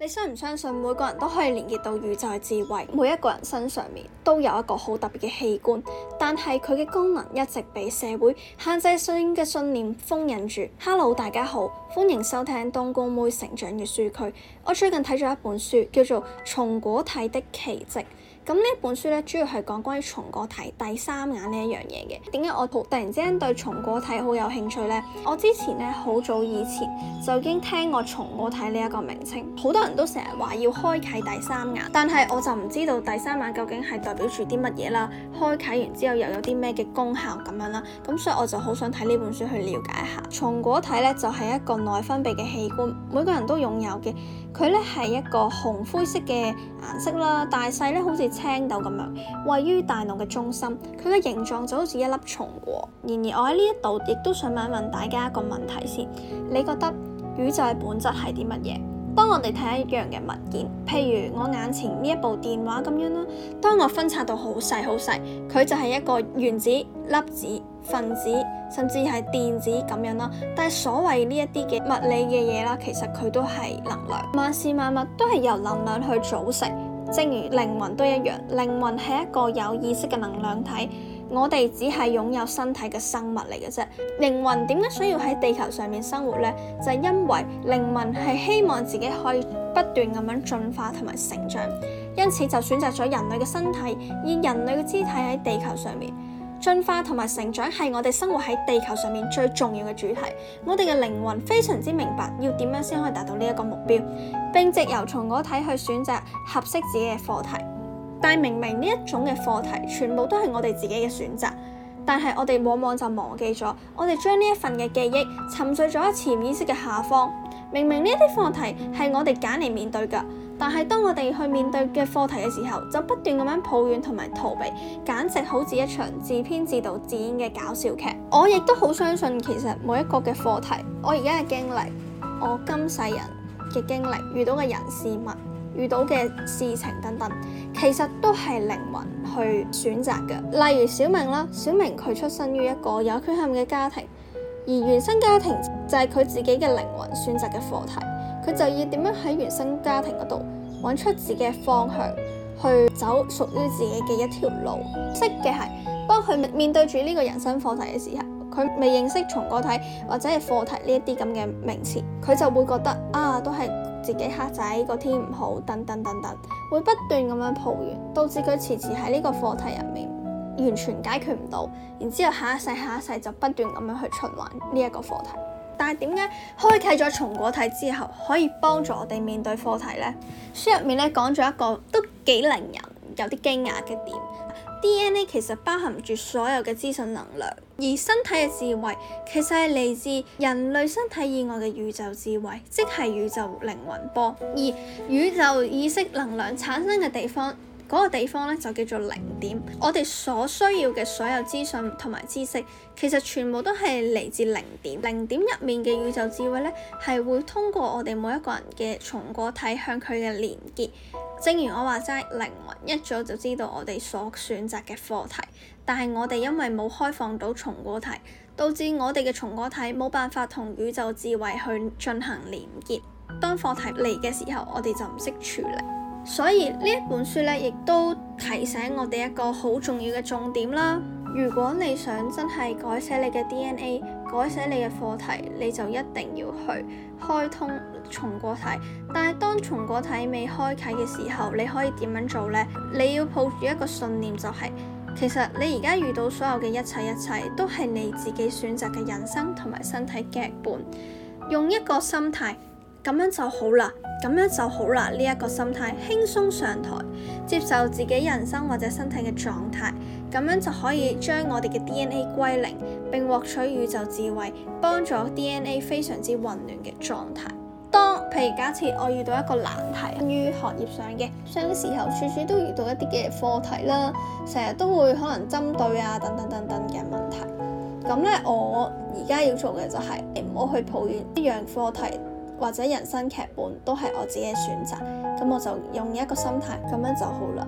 你信唔相信每個人都可以連接到宇宙智慧？每一個人身上面都有一個好特別嘅器官，但係佢嘅功能一直被社會限制性嘅信念封印住。Hello，大家好，歡迎收聽冬菇妹成長閱書區。我最近睇咗一本書，叫做《松果體的奇蹟》。咁呢本書咧，主要係講關於松果體第三眼呢一樣嘢嘅。點解我突然之間對松果體好有興趣呢？我之前咧好早以前就已經聽過松果體呢一個名稱，好多人都成日話要開啟第三眼，但係我就唔知道第三眼究竟係代表住啲乜嘢啦，開啟完之後又有啲咩嘅功效咁樣啦。咁所以，我就好想睇呢本書去了解一下。松果體咧就係一個內分泌嘅器官，每個人都擁有嘅。佢咧係一個紅灰色嘅顏色啦，大細咧好似～青豆咁樣，位於大腦嘅中心，佢嘅形狀就好似一粒松果。然而我，我喺呢一度亦都想問一問大家一個問題先：你覺得宇宙嘅本質係啲乜嘢？當我哋睇一樣嘅物件，譬如我眼前呢一部電話咁樣啦，當我分拆到好細好細，佢就係一個原子、粒子、分子，甚至係電子咁樣啦。但係所謂呢一啲嘅物理嘅嘢啦，其實佢都係能量，萬事萬物都係由能量去組成。正如靈魂都一樣，靈魂係一個有意識嘅能量體，我哋只係擁有身體嘅生物嚟嘅啫。靈魂點解需要喺地球上面生活呢？就係因為靈魂係希望自己可以不斷咁樣進化同埋成長，因此就選擇咗人類嘅身體，以人類嘅姿態喺地球上面。進化同埋成長係我哋生活喺地球上面最重要嘅主題。我哋嘅靈魂非常之明白要點樣先可以達到呢一個目標，並藉由松果體去選擇合適自己嘅課題。但係明明呢一種嘅課題全部都係我哋自己嘅選擇，但係我哋往往就忘記咗，我哋將呢一份嘅記憶沉睡咗喺潛意識嘅下方。明明呢啲課題係我哋揀嚟面對噶。但係當我哋去面對嘅課題嘅時候，就不斷咁樣抱怨同埋逃避，簡直好似一場自編自導自演嘅搞笑劇。我亦都好相信，其實每一個嘅課題，我而家嘅經歷，我今世人嘅經歷，遇到嘅人事物，遇到嘅事情等等，其實都係靈魂去選擇嘅。例如小明啦，小明佢出生於一個有缺陷嘅家庭，而原生家庭就係佢自己嘅靈魂選擇嘅課題。佢就要點樣喺原生家庭嗰度揾出自己嘅方向，去走屬於自己嘅一條路。識嘅係，當佢面面對住呢個人生課題嘅時候，佢未認識從個體或者係課題呢一啲咁嘅名詞，佢就會覺得啊，都係自己黑仔，個天唔好，等等等等，會不斷咁樣抱怨，導致佢遲遲喺呢個課題入面完全解決唔到，然之後下一世下一世就不斷咁樣去循環呢一個課題。但係點解開啟咗松果體之後，可以幫助我哋面對課題呢？書入面咧講咗一個都幾令人有啲驚訝嘅點。DNA 其實包含住所有嘅資訊能量，而身體嘅智慧其實係嚟自人類身體以外嘅宇宙智慧，即係宇宙靈魂波，而宇宙意識能量產生嘅地方。嗰個地方咧就叫做零點，我哋所需要嘅所有資訊同埋知識，其實全部都係嚟自零點。零點入面嘅宇宙智慧咧，係會通過我哋每一個人嘅松果體向佢嘅連結。正如我話齋，靈魂一早就知道我哋所選擇嘅課題，但係我哋因為冇開放到松果體，導致我哋嘅松果體冇辦法同宇宙智慧去進行連結。當課題嚟嘅時候，我哋就唔識處理。所以呢一本書咧，亦都提醒我哋一個好重要嘅重點啦。如果你想真係改寫你嘅 DNA，改寫你嘅課題，你就一定要去開通松果體。但係當松果體未開啓嘅時候，你可以點樣做呢？你要抱住一個信念，就是，就係其實你而家遇到所有嘅一切一切，都係你自己選擇嘅人生同埋身體劇本。用一個心態。咁樣就好啦，咁樣就好啦。呢一個心態輕鬆上台，接受自己人生或者身體嘅狀態，咁樣就可以將我哋嘅 DNA 歸零，並獲取宇宙智慧，幫助 DNA 非常之混亂嘅狀態。當譬如假設我遇到一個難題於學業上嘅，上嘅時候處處都遇到一啲嘅課題啦，成日都會可能針對啊等等等等嘅問題。咁咧，我而家要做嘅就係你唔好去抱怨一樣課題。或者人生劇本都係我自己嘅選擇，咁我就用一個心態咁樣就好啦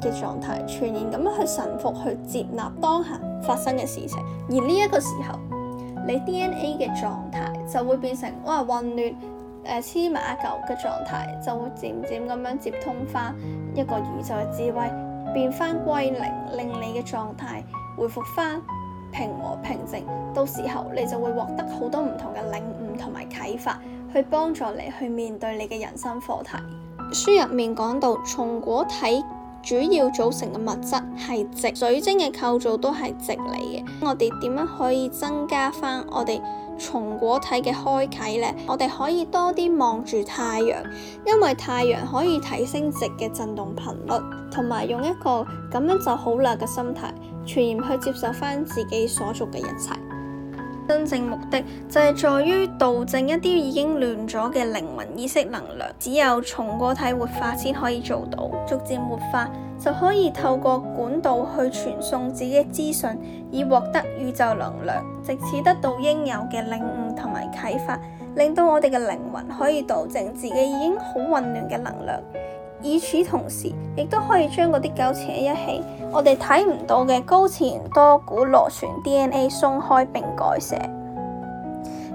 嘅狀態，全然咁樣去臣服、去接納當下發生嘅事情。而呢一個時候，你 D N A 嘅狀態就會變成哇，混亂黐埋一嚿嘅狀態，就會漸漸咁樣接通翻一個宇宙嘅智慧，變翻歸零，令你嘅狀態回復翻平和平靜。到時候你就會獲得好多唔同嘅領悟同埋啟發。去幫助你去面對你嘅人生課題。書入面講到，松果體主要組成嘅物質係直，水晶嘅構造都係直嚟嘅。我哋點樣可以增加翻我哋松果體嘅開啟呢？我哋可以多啲望住太陽，因為太陽可以提升直嘅震動頻率，同埋用一個咁樣就好啦嘅心態，全然去接受翻自己所做嘅一切。真正目的就係在於導正一啲已經亂咗嘅靈魂意識能量，只有從個體活化先可以做到。逐漸活化就可以透過管道去傳送自己資訊，以獲得宇宙能量，直至得到應有嘅領悟同埋啟發，令到我哋嘅靈魂可以導正自己已經好混亂嘅能量。與此同時，亦都可以將嗰啲糾纏一起，我哋睇唔到嘅高次元多股螺旋 DNA 鬆開並改寫，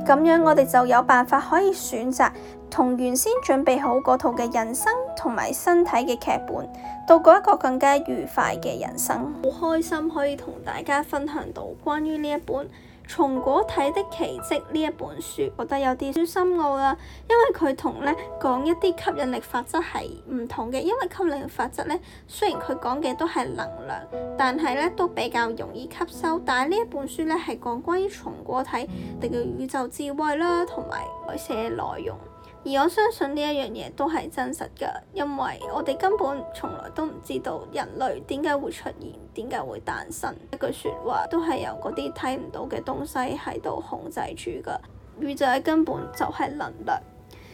咁樣我哋就有辦法可以選擇同原先準備好嗰套嘅人生同埋身體嘅劇本，度過一個更加愉快嘅人生。好開心可以同大家分享到關於呢一本。松果體的奇蹟呢一本書，覺得有啲少深奧啦，因為佢同咧講一啲吸引力法則係唔同嘅，因為吸引力法則咧雖然佢講嘅都係能量，但係咧都比較容易吸收，但係呢一本書咧係講關於松果體定宇宙智慧啦，同埋些內容，而我相信呢一樣嘢都係真實噶，因為我哋根本從來都唔知道人類點解會出現，點解會誕生。一句說話都係由嗰啲睇唔到嘅東西喺度控制住噶，宇宙根本就係能量。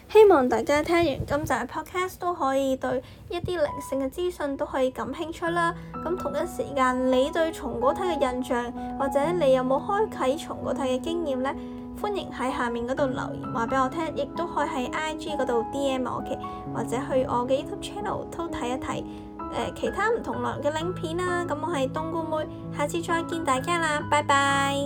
希望大家聽完今集嘅 Podcast 都可以對一啲靈性嘅資訊都可以感興趣啦。咁同一時間，你對松果體嘅印象，或者你有冇開啟松果體嘅經驗呢？歡迎喺下面嗰度留言話俾我聽，亦都可以喺 IG 嗰度 DM 我嘅，或者去我嘅 YouTube channel 都睇一睇，呃、其他唔同類型嘅影片啦，啊。咁我係冬菇妹，下次再見大家啦，拜拜。